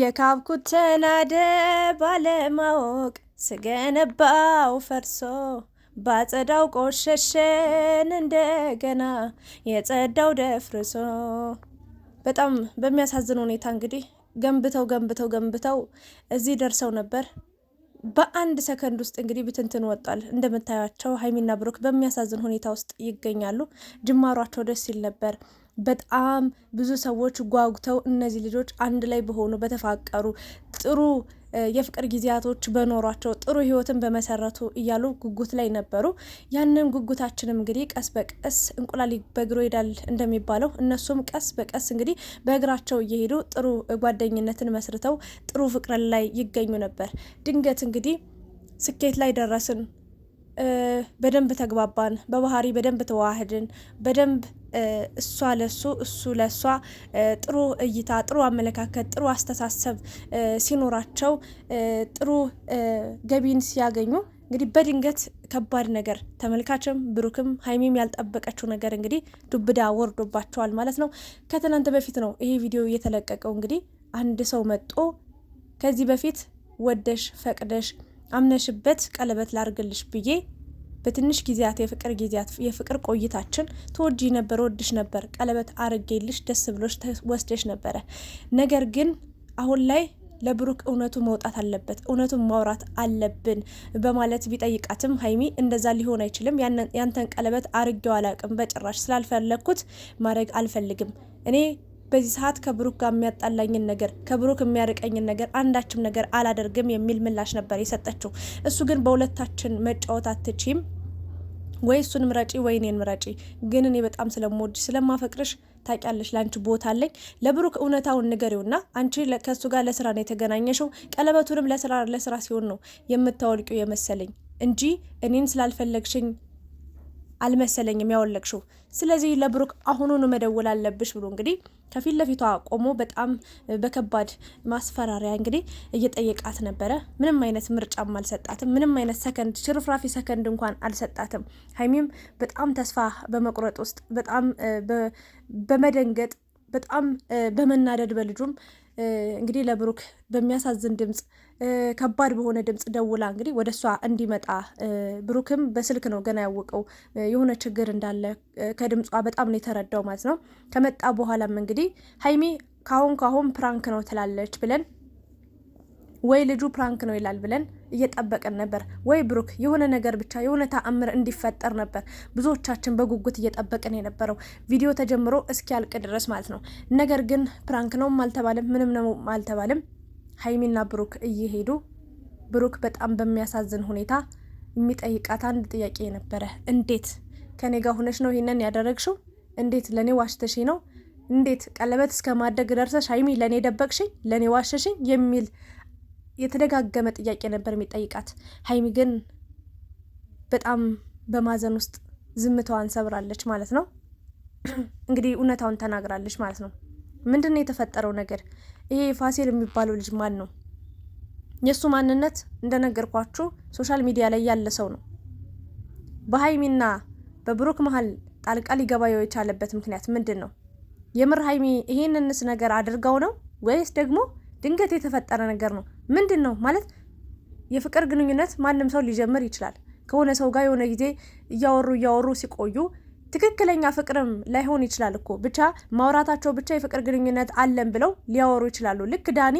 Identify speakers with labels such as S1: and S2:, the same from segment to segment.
S1: የካብኩት አደ ባለማወቅ ስገነባው ፈርሶ ባጸዳው ቆሸሸን እንደገና የጸዳው ደፍርሶ። በጣም በሚያሳዝን ሁኔታ እንግዲህ ገንብተው ገንብተው ገንብተው እዚህ ደርሰው ነበር። በአንድ ሰከንድ ውስጥ እንግዲህ ብትንትን ወጧል። እንደምታያቸው ሀይሚና ብሩክ በሚያሳዝን ሁኔታ ውስጥ ይገኛሉ። ጅማሯቸው ደስ ይል ነበር። በጣም ብዙ ሰዎች ጓጉተው እነዚህ ልጆች አንድ ላይ በሆኑ በተፋቀሩ ጥሩ የፍቅር ጊዜያቶች በኖሯቸው ጥሩ ህይወትን በመሰረቱ እያሉ ጉጉት ላይ ነበሩ። ያንን ጉጉታችንም እንግዲህ ቀስ በቀስ እንቁላል በእግሮ ሄዳል እንደሚባለው እነሱም ቀስ በቀስ እንግዲህ በእግራቸው እየሄዱ ጥሩ ጓደኝነትን መስርተው ጥሩ ፍቅርን ላይ ይገኙ ነበር። ድንገት እንግዲህ ስኬት ላይ ደረስን በደንብ ተግባባን፣ በባህሪ በደንብ ተዋህድን፣ በደንብ እሷ ለሱ እሱ ለሷ ጥሩ እይታ፣ ጥሩ አመለካከት፣ ጥሩ አስተሳሰብ ሲኖራቸው ጥሩ ገቢን ሲያገኙ እንግዲህ በድንገት ከባድ ነገር ተመልካችም ብሩክም ሀይሚም ያልጠበቀችው ነገር እንግዲህ ዱብዳ ወርዶባቸዋል ማለት ነው። ከትናንት በፊት ነው ይሄ ቪዲዮ የተለቀቀው። እንግዲህ አንድ ሰው መጦ ከዚህ በፊት ወደሽ ፈቅደሽ አምነሽበት ቀለበት ላርግልሽ ብዬ በትንሽ ጊዜያት የፍቅር ጊዜያት የፍቅር ቆይታችን ተወጂ ነበር፣ ወድሽ ነበር፣ ቀለበት አርጌልሽ ደስ ብሎሽ ወስደሽ ነበረ። ነገር ግን አሁን ላይ ለብሩክ እውነቱ መውጣት አለበት፣ እውነቱን ማውራት አለብን በማለት ቢጠይቃትም ሀይሚ እንደዛ ሊሆን አይችልም፣ ያንተን ቀለበት አርጌው አላቅም፣ በጭራሽ ስላልፈለግኩት ማድረግ አልፈልግም እኔ በዚህ ሰዓት ከብሩክ ጋር የሚያጣላኝን ነገር ከብሩክ የሚያርቀኝን ነገር አንዳችም ነገር አላደርግም የሚል ምላሽ ነበር የሰጠችው። እሱ ግን በሁለታችን መጫወት አትችም ወይ እሱን ምረጪ ወይ እኔን ምረጪ፣ ግን እኔ በጣም ስለምወድ ስለማፈቅርሽ ታውቂያለሽ ለአንቺ ቦታ አለኝ። ለብሩክ እውነታውን ንገሪውና አንቺ ከእሱ ጋር ለስራ ነው የተገናኘሽው። ቀለበቱንም ለስራ ለስራ ሲሆን ነው የምታወልቂው የመሰለኝ እንጂ እኔን ስላልፈለግሽኝ አልመሰለኝም ያወለቅሽው። ስለዚህ ለብሩክ አሁኑኑ መደወል አለብሽ ብሎ እንግዲህ ከፊት ለፊቷ ቆሞ በጣም በከባድ ማስፈራሪያ እንግዲህ እየጠየቃት ነበረ። ምንም አይነት ምርጫም አልሰጣትም። ምንም አይነት ሰከንድ ሽርፍራፊ ሰከንድ እንኳን አልሰጣትም። ሀይሚም በጣም ተስፋ በመቁረጥ ውስጥ በጣም በመደንገጥ በጣም በመናደድ በልጁም እንግዲህ ለብሩክ በሚያሳዝን ድምፅ ከባድ በሆነ ድምፅ ደውላ እንግዲህ ወደ እሷ እንዲመጣ ብሩክም በስልክ ነው ገና ያወቀው የሆነ ችግር እንዳለ ከድምጿ በጣም ነው የተረዳው ማለት ነው። ከመጣ በኋላም እንግዲህ ሀይሚ ካሁን ካሁን ፕራንክ ነው ትላለች ብለን ወይ ልጁ ፕራንክ ነው ይላል ብለን እየጠበቅን ነበር፣ ወይ ብሩክ የሆነ ነገር ብቻ የሆነ ተአምር እንዲፈጠር ነበር ብዙዎቻችን በጉጉት እየጠበቅን የነበረው ቪዲዮ ተጀምሮ እስኪያልቅ ድረስ ማለት ነው። ነገር ግን ፕራንክ ነውም አልተባለም፣ ምንም ነው አልተባለም። ሀይሚና ብሩክ እየሄዱ ብሩክ በጣም በሚያሳዝን ሁኔታ የሚጠይቃት አንድ ጥያቄ ነበረ። እንዴት ከኔ ጋር ሆነሽ ነው ይህንን ያደረግሽው? እንዴት ለእኔ ዋሽተሽ ነው? እንዴት ቀለበት እስከ ማድረግ ደርሰሽ ሀይሚ ለእኔ ደበቅሽኝ፣ ለእኔ ዋሸሽኝ የሚል የተደጋገመ ጥያቄ ነበር የሚጠይቃት። ሀይሚ ግን በጣም በማዘን ውስጥ ዝምታዋን ሰብራለች ማለት ነው። እንግዲህ እውነታውን ተናግራለች ማለት ነው። ምንድን ነው የተፈጠረው ነገር? ይሄ ፋሲል የሚባለው ልጅ ማን ነው? የእሱ ማንነት እንደነገርኳችሁ ሶሻል ሚዲያ ላይ ያለ ሰው ነው። በሀይሚና በብሩክ መሀል ጣልቃ ሊገባ የቻለበት ምክንያት ምንድን ነው? የምር ሀይሚ ይህንንስ ነገር አድርጋው ነው ወይስ ደግሞ ድንገት የተፈጠረ ነገር ነው። ምንድን ነው ማለት የፍቅር ግንኙነት ማንም ሰው ሊጀምር ይችላል። ከሆነ ሰው ጋር የሆነ ጊዜ እያወሩ እያወሩ ሲቆዩ ትክክለኛ ፍቅርም ላይሆን ይችላል እኮ ብቻ ማውራታቸው ብቻ የፍቅር ግንኙነት አለን ብለው ሊያወሩ ይችላሉ። ልክ ዳኒ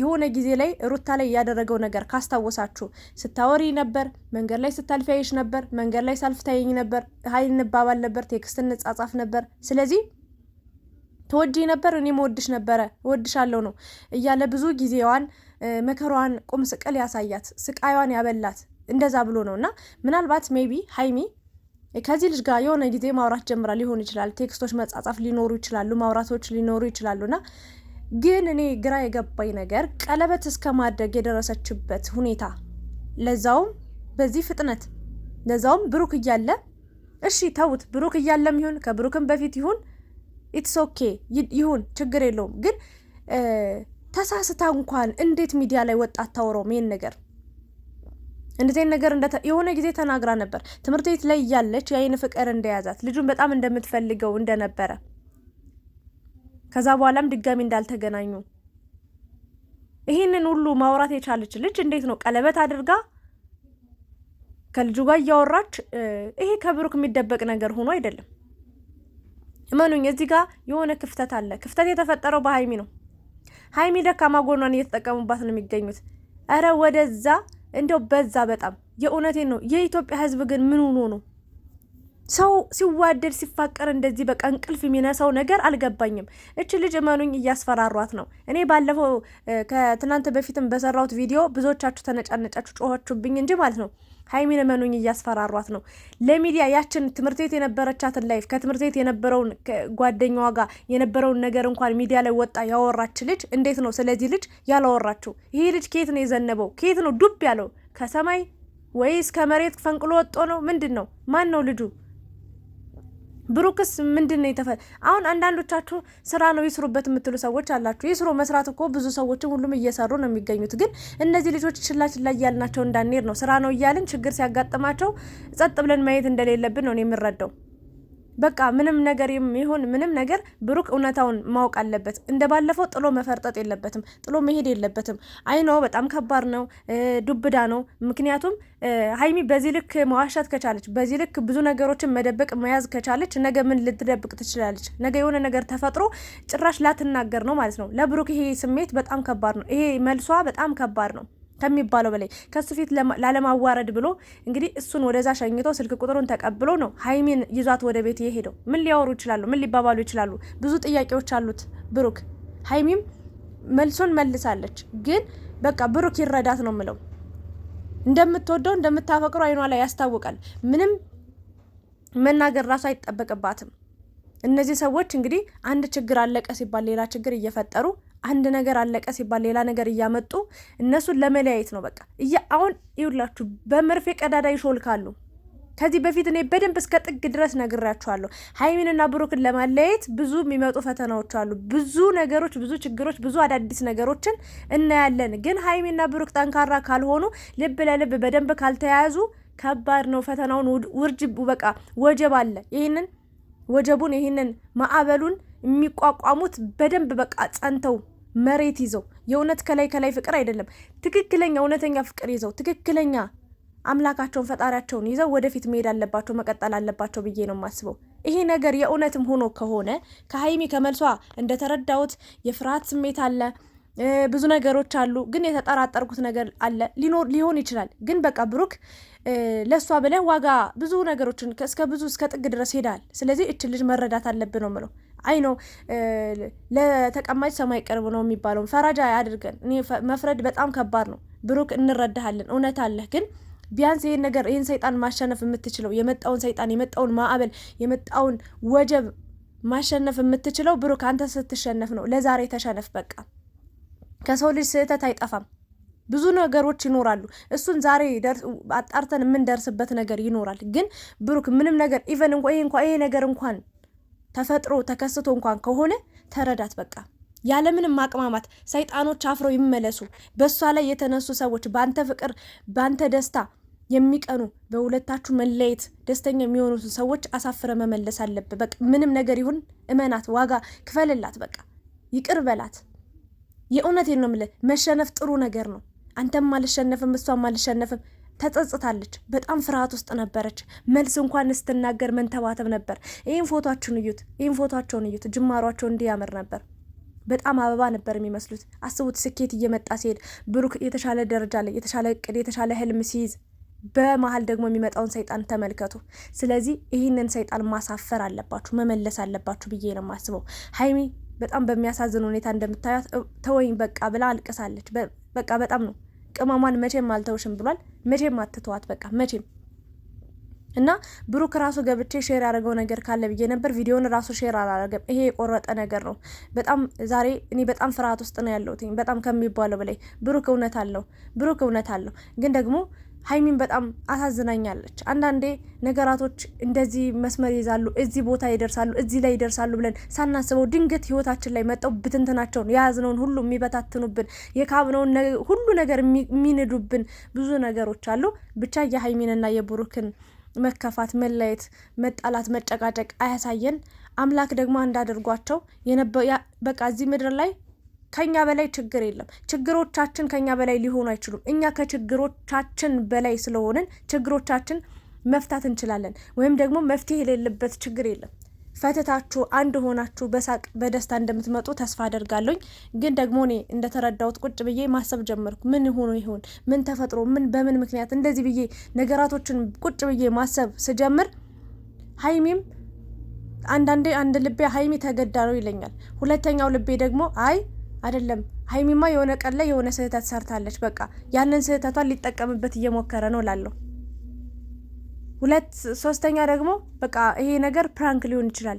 S1: የሆነ ጊዜ ላይ ሩታ ላይ እያደረገው ነገር ካስታወሳችሁ፣ ስታወሪ ነበር፣ መንገድ ላይ ስታልፊያይሽ ነበር፣ መንገድ ላይ ሳልፍታየኝ ነበር፣ ሀይል እንባባል ነበር፣ ቴክስት እንጻጻፍ ነበር። ስለዚህ ተወዴ ነበር እኔም ወድሽ ነበረ ወድሻለሁ ነው እያለ ብዙ ጊዜዋን መከሯን ቁም ስቅል ያሳያት ስቃይዋን ያበላት እንደዛ ብሎ ነው እና ምናልባት ሜቢ ሀይሚ ከዚህ ልጅ ጋር የሆነ ጊዜ ማውራት ጀምራ ሊሆን ይችላል። ቴክስቶች መጻጻፍ ሊኖሩ ይችላሉ፣ ማውራቶች ሊኖሩ ይችላሉና ግን እኔ ግራ የገባኝ ነገር ቀለበት እስከ ማድረግ የደረሰችበት ሁኔታ ለዛውም በዚህ ፍጥነት ለዛውም ብሩክ እያለ እሺ ተውት፣ ብሩክ እያለም ይሁን ከብሩክም በፊት ይሁን ኢትስ ኦኬ ይሁን፣ ችግር የለውም። ግን ተሳስታ እንኳን እንዴት ሚዲያ ላይ ወጣ አታወራውም? ይሄን ነገር እንደዚህ ነገር የሆነ ጊዜ ተናግራ ነበር። ትምህርት ቤት ላይ እያለች የአይን ፍቅር እንደያዛት ልጁን በጣም እንደምትፈልገው እንደነበረ ከዛ በኋላም ድጋሚ እንዳልተገናኙ ይህንን ሁሉ ማውራት የቻለች ልጅ እንዴት ነው ቀለበት አድርጋ ከልጁ ጋር እያወራች? ይሄ ከብሩክ የሚደበቅ ነገር ሆኖ አይደለም። እመኑኝ እዚህ ጋር የሆነ ክፍተት አለ። ክፍተት የተፈጠረው በሀይሚ ነው። ሀይሚ ደካማ ጎኗን እየተጠቀሙባት ነው የሚገኙት። እረ ወደዛ እንደው በዛ በጣም የእውነቴን ነው። የኢትዮጵያ ሕዝብ ግን ምን ሆኖ ነው ሰው ሲዋደድ ሲፋቀር እንደዚህ በቃ እንቅልፍ የሚነሳው ነገር አልገባኝም። እች ልጅ እመኑኝ እያስፈራሯት ነው። እኔ ባለፈው ከትናንት በፊትም በሰራሁት ቪዲዮ ብዙዎቻችሁ ተነጫነጫችሁ ጮኸችሁብኝ እንጂ ማለት ነው ሀይሚን መኑኝ እያስፈራሯት ነው። ለሚዲያ ያችን ትምህርት ቤት የነበረቻትን ላይፍ ከትምህርት ቤት የነበረውን ጓደኛዋ ጋር የነበረውን ነገር እንኳን ሚዲያ ላይ ወጣ ያወራች ልጅ እንዴት ነው ስለዚህ ልጅ ያላወራችው? ይሄ ልጅ ከየት ነው የዘነበው? ከየት ነው ዱብ ያለው? ከሰማይ ወይስ ከመሬት ፈንቅሎ ወጦ ነው? ምንድን ነው? ማን ነው ልጁ? ብሩክስ ምንድን ነው የተፈ አሁን አንዳንዶቻችሁ ስራ ነው ይስሩበት የምትሉ ሰዎች አላችሁ። ይስሩ መስራት እኮ ብዙ ሰዎችም ሁሉም እየሰሩ ነው የሚገኙት። ግን እነዚህ ልጆች ችላ ችላ እያልናቸው እንዳንሄድ ነው። ስራ ነው እያልን ችግር ሲያጋጥማቸው ጸጥ ብለን ማየት እንደሌለብን ነው የምረዳው። በቃ ምንም ነገር የሚሆን ምንም ነገር ብሩክ እውነታውን ማወቅ አለበት። እንደ ባለፈው ጥሎ መፈርጠጥ የለበትም፣ ጥሎ መሄድ የለበትም። አይኖ በጣም ከባድ ነው፣ ዱብዳ ነው። ምክንያቱም ሀይሚ በዚህ ልክ መዋሻት ከቻለች፣ በዚህ ልክ ብዙ ነገሮችን መደበቅ መያዝ ከቻለች፣ ነገ ምን ልትደብቅ ትችላለች? ነገ የሆነ ነገር ተፈጥሮ ጭራሽ ላትናገር ነው ማለት ነው። ለብሩክ ይሄ ስሜት በጣም ከባድ ነው። ይሄ መልሷ በጣም ከባድ ነው። ከሚባለው በላይ ከሱ ፊት ላለማዋረድ ብሎ እንግዲህ እሱን ወደዛ ሸኝቶ ስልክ ቁጥሩን ተቀብሎ ነው ሀይሜን ይዟት ወደ ቤት የሄደው። ምን ሊያወሩ ይችላሉ? ምን ሊባባሉ ይችላሉ? ብዙ ጥያቄዎች አሉት ብሩክ። ሀይሚም መልሶን መልሳለች። ግን በቃ ብሩክ ይረዳት ነው ምለው። እንደምትወደው እንደምታፈቅሩ አይኗ ላይ ያስታውቃል። ምንም መናገር ራሱ አይጠበቅባትም። እነዚህ ሰዎች እንግዲህ አንድ ችግር አለቀ ሲባል ሌላ ችግር እየፈጠሩ አንድ ነገር አለቀ ሲባል ሌላ ነገር እያመጡ እነሱን ለመለያየት ነው። በቃ እያ አሁን ይውላችሁ በመርፌ ቀዳዳ ይሾልካሉ። ከዚህ በፊት እኔ በደንብ እስከ ጥግ ድረስ ነግራችኋለሁ። ሀይሚንና ብሩክን ለማለያየት ብዙ የሚመጡ ፈተናዎች አሉ። ብዙ ነገሮች፣ ብዙ ችግሮች፣ ብዙ አዳዲስ ነገሮችን እናያለን። ግን ሀይሚና ብሩክ ጠንካራ ካልሆኑ፣ ልብ ለልብ በደንብ ካልተያያዙ ከባድ ነው። ፈተናውን ውርጅ በቃ ወጀብ አለ። ይህንን ወጀቡን ይህንን ማዕበሉን የሚቋቋሙት በደንብ በቃ ጸንተው መሬት ይዘው የእውነት ከላይ ከላይ ፍቅር አይደለም፣ ትክክለኛ እውነተኛ ፍቅር ይዘው ትክክለኛ አምላካቸውን ፈጣሪያቸውን ይዘው ወደፊት መሄድ አለባቸው፣ መቀጠል አለባቸው ብዬ ነው የማስበው። ይሄ ነገር የእውነትም ሆኖ ከሆነ ከሀይሚ ከመልሷ እንደተረዳሁት የፍርሃት ስሜት አለ፣ ብዙ ነገሮች አሉ። ግን የተጠራጠርኩት ነገር አለ ሊሆን ይችላል። ግን በቃ ብሩክ ለእሷ ብለህ ዋጋ ብዙ ነገሮችን እስከ ብዙ እስከ ጥግ ድረስ ሄዳል። ስለዚህ እች ልጅ መረዳት አለብን ነው የምለው። አይ ነው ለተቀማጭ ሰማይ ቅርብ ነው የሚባለው። ፈረጃ አድርገን እኔ መፍረድ በጣም ከባድ ነው። ብሩክ እንረዳሃለን፣ እውነት አለህ። ግን ቢያንስ ይህን ነገር ይህን ሰይጣን ማሸነፍ የምትችለው የመጣውን ሰይጣን የመጣውን ማዕበል የመጣውን ወጀብ ማሸነፍ የምትችለው ብሩክ አንተ ስትሸነፍ ነው። ለዛሬ ተሸነፍ በቃ። ከሰው ልጅ ስህተት አይጠፋም። ብዙ ነገሮች ይኖራሉ። እሱን ዛሬ አጣርተን የምንደርስበት ነገር ይኖራል። ግን ብሩክ ምንም ነገር ኢቨን እንኳ ይሄ ነገር እንኳን ተፈጥሮ ተከስቶ እንኳን ከሆነ ተረዳት በቃ ያለምንም ማቅማማት ሰይጣኖች አፍረው ይመለሱ። በእሷ ላይ የተነሱ ሰዎች በአንተ ፍቅር፣ በአንተ ደስታ የሚቀኑ በሁለታችሁ መለየት ደስተኛ የሚሆኑትን ሰዎች አሳፍረ መመለስ አለብ። በቃ ምንም ነገር ይሁን እመናት፣ ዋጋ ክፈልላት፣ በቃ ይቅር በላት። የእውነቴን ነው የምልህ፣ መሸነፍ ጥሩ ነገር ነው። አንተም አልሸነፍም፣ እሷም አልሸነፍም ተጸጽታለች። በጣም ፍርሃት ውስጥ ነበረች። መልስ እንኳን ስትናገር መንተባተብ ነበር። ይህን ፎቶችን እዩት፣ ይህን ፎቶቸውን እዩት። ጅማሯቸው እንዲያምር ነበር። በጣም አበባ ነበር የሚመስሉት። አስቡት፣ ስኬት እየመጣ ሲሄድ ብሩክ የተሻለ ደረጃ ላይ የተሻለ እቅድ የተሻለ ህልም ሲይዝ በመሀል ደግሞ የሚመጣውን ሰይጣን ተመልከቱ። ስለዚህ ይህንን ሰይጣን ማሳፈር አለባችሁ፣ መመለስ አለባችሁ ብዬ ነው የማስበው። ሀይሚ በጣም በሚያሳዝን ሁኔታ እንደምታያት ተወኝ በቃ ብላ አልቅሳለች። በቃ በጣም ነው ቅመሟን መቼም አልተውሽም ብሏል። መቼም አትተዋት በቃ መቼም እና ብሩክ ራሱ ገብቼ ሼር ያደረገው ነገር ካለ ብዬ ነበር። ቪዲዮን ራሱ ሼር አላደረገም። ይሄ የቆረጠ ነገር ነው። በጣም ዛሬ እኔ በጣም ፍርሃት ውስጥ ነው ያለሁት፣ በጣም ከሚባለው በላይ ብሩክ እውነት አለው። ብሩክ እውነት አለው ግን ደግሞ ሀይሚን በጣም አሳዝናኛለች። አንዳንዴ ነገራቶች እንደዚህ መስመር ይይዛሉ፣ እዚህ ቦታ ይደርሳሉ፣ እዚህ ላይ ይደርሳሉ ብለን ሳናስበው ድንገት ህይወታችን ላይ መጠው ብትንትናቸውን የያዝነውን ሁሉ የሚበታትኑብን፣ የካብነውን ሁሉ ነገር የሚንዱብን ብዙ ነገሮች አሉ። ብቻ የሀይሚንና የብሩክን መከፋት፣ መለየት፣ መጣላት፣ መጨቃጨቅ አያሳየን። አምላክ ደግሞ እንዳደርጓቸው በቃ እዚህ ምድር ላይ ከኛ በላይ ችግር የለም። ችግሮቻችን ከኛ በላይ ሊሆኑ አይችሉም። እኛ ከችግሮቻችን በላይ ስለሆንን ችግሮቻችን መፍታት እንችላለን። ወይም ደግሞ መፍትሄ የሌለበት ችግር የለም። ፈትታችሁ አንድ ሆናችሁ በሳቅ በደስታ እንደምትመጡ ተስፋ አደርጋለሁኝ። ግን ደግሞ እኔ እንደተረዳሁት ቁጭ ብዬ ማሰብ ጀመርኩ። ምን ሆኖ ይሆን? ምን ተፈጥሮ? ምን በምን ምክንያት እንደዚህ ብዬ ነገራቶችን ቁጭ ብዬ ማሰብ ስጀምር ሀይሚም አንዳንዴ አንድ ልቤ ሀይሚ ተገዳ ነው ይለኛል። ሁለተኛው ልቤ ደግሞ አይ አይደለም ሀይሚማ የሆነ ቀን ላይ የሆነ ስህተት ሰርታለች። በቃ ያንን ስህተቷን ሊጠቀምበት እየሞከረ ነው ላለው ሁለት ሶስተኛ ደግሞ በቃ ይሄ ነገር ፕራንክ ሊሆን ይችላል።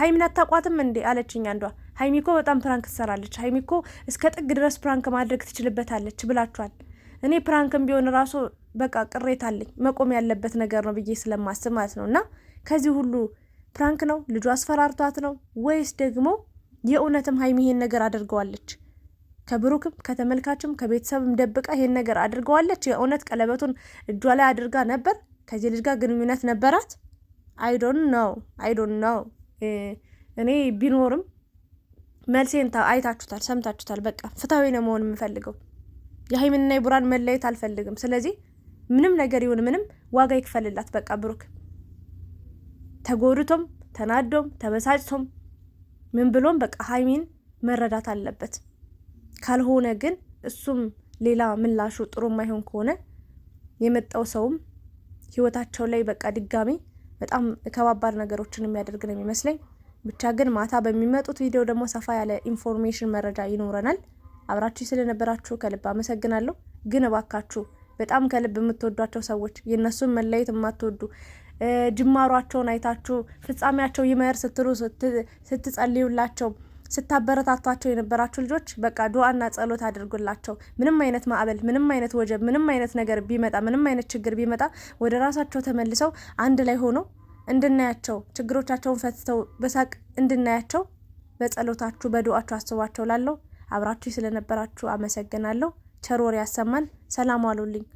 S1: ሀይሚን አታቋትም እንዴ አለችኝ አንዷ። ሀይሚኮ በጣም ፕራንክ ትሰራለች። ሀይሚኮ እስከ ጥግ ድረስ ፕራንክ ማድረግ ትችልበታለች ብላችኋል። እኔ ፕራንክም ቢሆን ራሱ በቃ ቅሬታ አለኝ። መቆም ያለበት ነገር ነው ብዬ ስለማስብ ማለት ነው። እና ከዚህ ሁሉ ፕራንክ ነው ልጁ አስፈራርቷት ነው ወይስ ደግሞ የእውነትም ሀይሚ ይሄን ነገር አድርገዋለች። ከብሩክም ከተመልካችም ከቤተሰብም ደብቃ ይሄን ነገር አድርገዋለች። የእውነት ቀለበቱን እጇ ላይ አድርጋ ነበር። ከዚህ ልጅ ጋር ግንኙነት ነበራት። አይዶን ነው አይዶን ነው። እኔ ቢኖርም መልሴን አይታችሁታል፣ ሰምታችሁታል። በቃ ፍትሐዊ ነው መሆን የምፈልገው የሀይሚንና የቡራን መለየት አልፈልግም። ስለዚህ ምንም ነገር ይሁን ምንም ዋጋ ይክፈልላት። በቃ ብሩክ ተጎድቶም ተናዶም ተበሳጭቶም ምን ብሎም በቃ ሀይሚን መረዳት አለበት። ካልሆነ ግን እሱም ሌላ ምላሹ ጥሩ የማይሆን ከሆነ የመጣው ሰውም ህይወታቸው ላይ በቃ ድጋሚ በጣም ከባባድ ነገሮችን የሚያደርግ ነው የሚመስለኝ። ብቻ ግን ማታ በሚመጡት ቪዲዮ ደግሞ ሰፋ ያለ ኢንፎርሜሽን መረጃ ይኖረናል። አብራችሁ ስለነበራችሁ ከልብ አመሰግናለሁ። ግን እባካችሁ በጣም ከልብ የምትወዷቸው ሰዎች የእነሱን መለየት የማትወዱ ጅማሯቸውን አይታችሁ ፍጻሜያቸው ይመር ስትሉ ስትጸልዩላቸው ስታበረታቷቸው የነበራችሁ ልጆች በቃ ዱዓና ጸሎት አድርጉላቸው። ምንም አይነት ማዕበል፣ ምንም አይነት ወጀብ፣ ምንም አይነት ነገር ቢመጣ፣ ምንም አይነት ችግር ቢመጣ ወደ ራሳቸው ተመልሰው አንድ ላይ ሆኖ እንድናያቸው ችግሮቻቸውን ፈትተው በሳቅ እንድናያቸው በጸሎታችሁ በዱዓችሁ አስቧቸው። ላለው አብራችሁ ስለነበራችሁ አመሰግናለሁ። ቸሮር ያሰማን። ሰላም አሉልኝ።